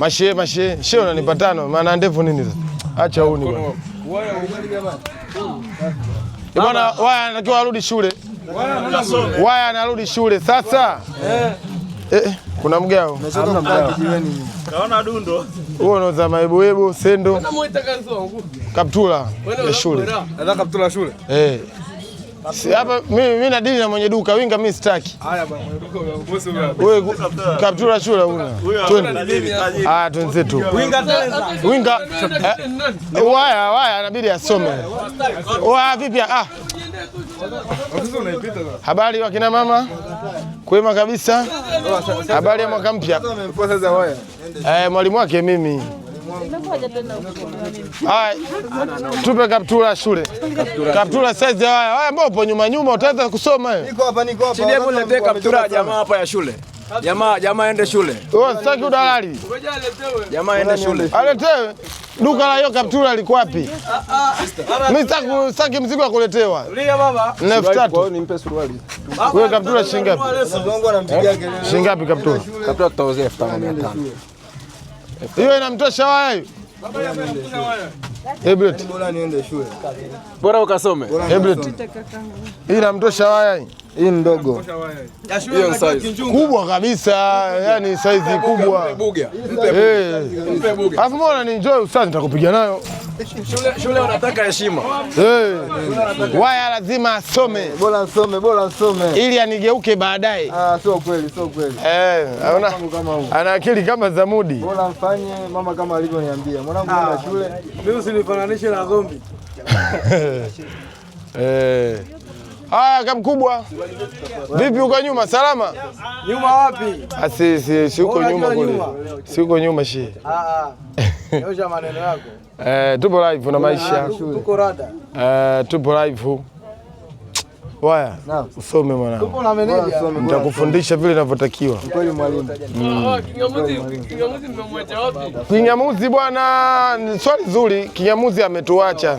Mashe, mashie, shie unanipa tano, maana ndevu nini sasa? Acha huni bwana. Eh, bwana waya anatakiwa arudi shule. Waya anarudi shule sasa. Eh, eh kuna mgao. Kaona dundo. Huo unauza maebuebu, sendo. Kaptula ya shule. Kaptula shule. Eh. Hapa mimi mimi na dini na mwenye duka winga, mimi sitaki. Haya bwana, mwenye duka bosi wewe. Wewe kaptura shule una. Ah, twenzetu. Winga tena. winga. Eh, waya waya inabidi asome. Wa vipi ah. Habari wa kina mama, kwema kabisa. Oh, Habari ya mwaka mpya. Eh, mwalimu wake mimi Haya, tupe kaptura shule. Kaptura size haya. Haya mbona upo nyuma nyuma utaanza kusoma wewe? Niko hapa niko hapa. Chini hebu niletee kaptura jamaa hapa ya shule. Jamaa jamaa aende shule. Wewe sitaki udalali. Ngoja aletewe. Jamaa aende shule. Aletewe. Duka la hiyo kaptura liko wapi? Mimi ah, ah. sitaki sitaki mzigo wa kuletewa. Lia baba. Elfu tatu. Kwa hiyo nimpe suruali. Wewe kaptura shilingi ngapi? Shilingi ngapi kaptura? Kaptura tutauzia 5500 hiyo inamtosha waya hiyo, bora ukasome, inamtosha waya. Hii ndogo kubwa kabisa, yani saizi kubwa. Eh. Alafu mbona ni enjoy ustazi, nitakupiga nayo shule. Shule Unataka heshima eh. waya, lazima asome, bora asome, bora asome ili anigeuke baadaye. Ah, Sio kweli, sio kweli. Eh, ana akili kama Zamudi. Bora mfanye mama kama alivyoniambia mwanangu, ana ah. shule. Mimi usinifananishe na zombi. Haya kamkubwa, vipi uko nyuma? Salama? Nyuma wapi? Asi, ah, si si uko nyuma kule, si uko nyuma shi. Ah, ah. Nyosha maneno yako. Eh, tupo live na maisha. Tuko rada. Eh, tupo live. Waya, usome mwanangu, nitakufundisha vile inavyotakiwa. Mm. Kinyamuzi bwana, swali zuri. Kinyamuzi ametuacha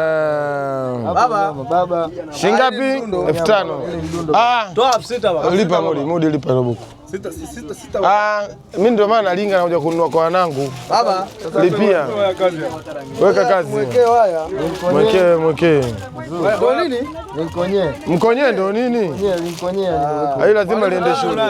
Baba. Baba. Shingapi? Elfu tano. Ah. Toa elfu sita baba. Lipa mudi, mudi lipa hilo buku. Sita, sita, sita. Ah, mimi ndio maana nalinga nakuja kununua kwa wanangu. Baba. Lipia. Weka kazi. Mwekee haya. Mwekee, mwekee. Ndio nini? Mkonye. Mkonye ndio nini? Ndio, mkonye. Ah, lazima liende shule.